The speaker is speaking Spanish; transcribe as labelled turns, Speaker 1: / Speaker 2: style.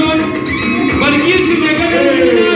Speaker 1: a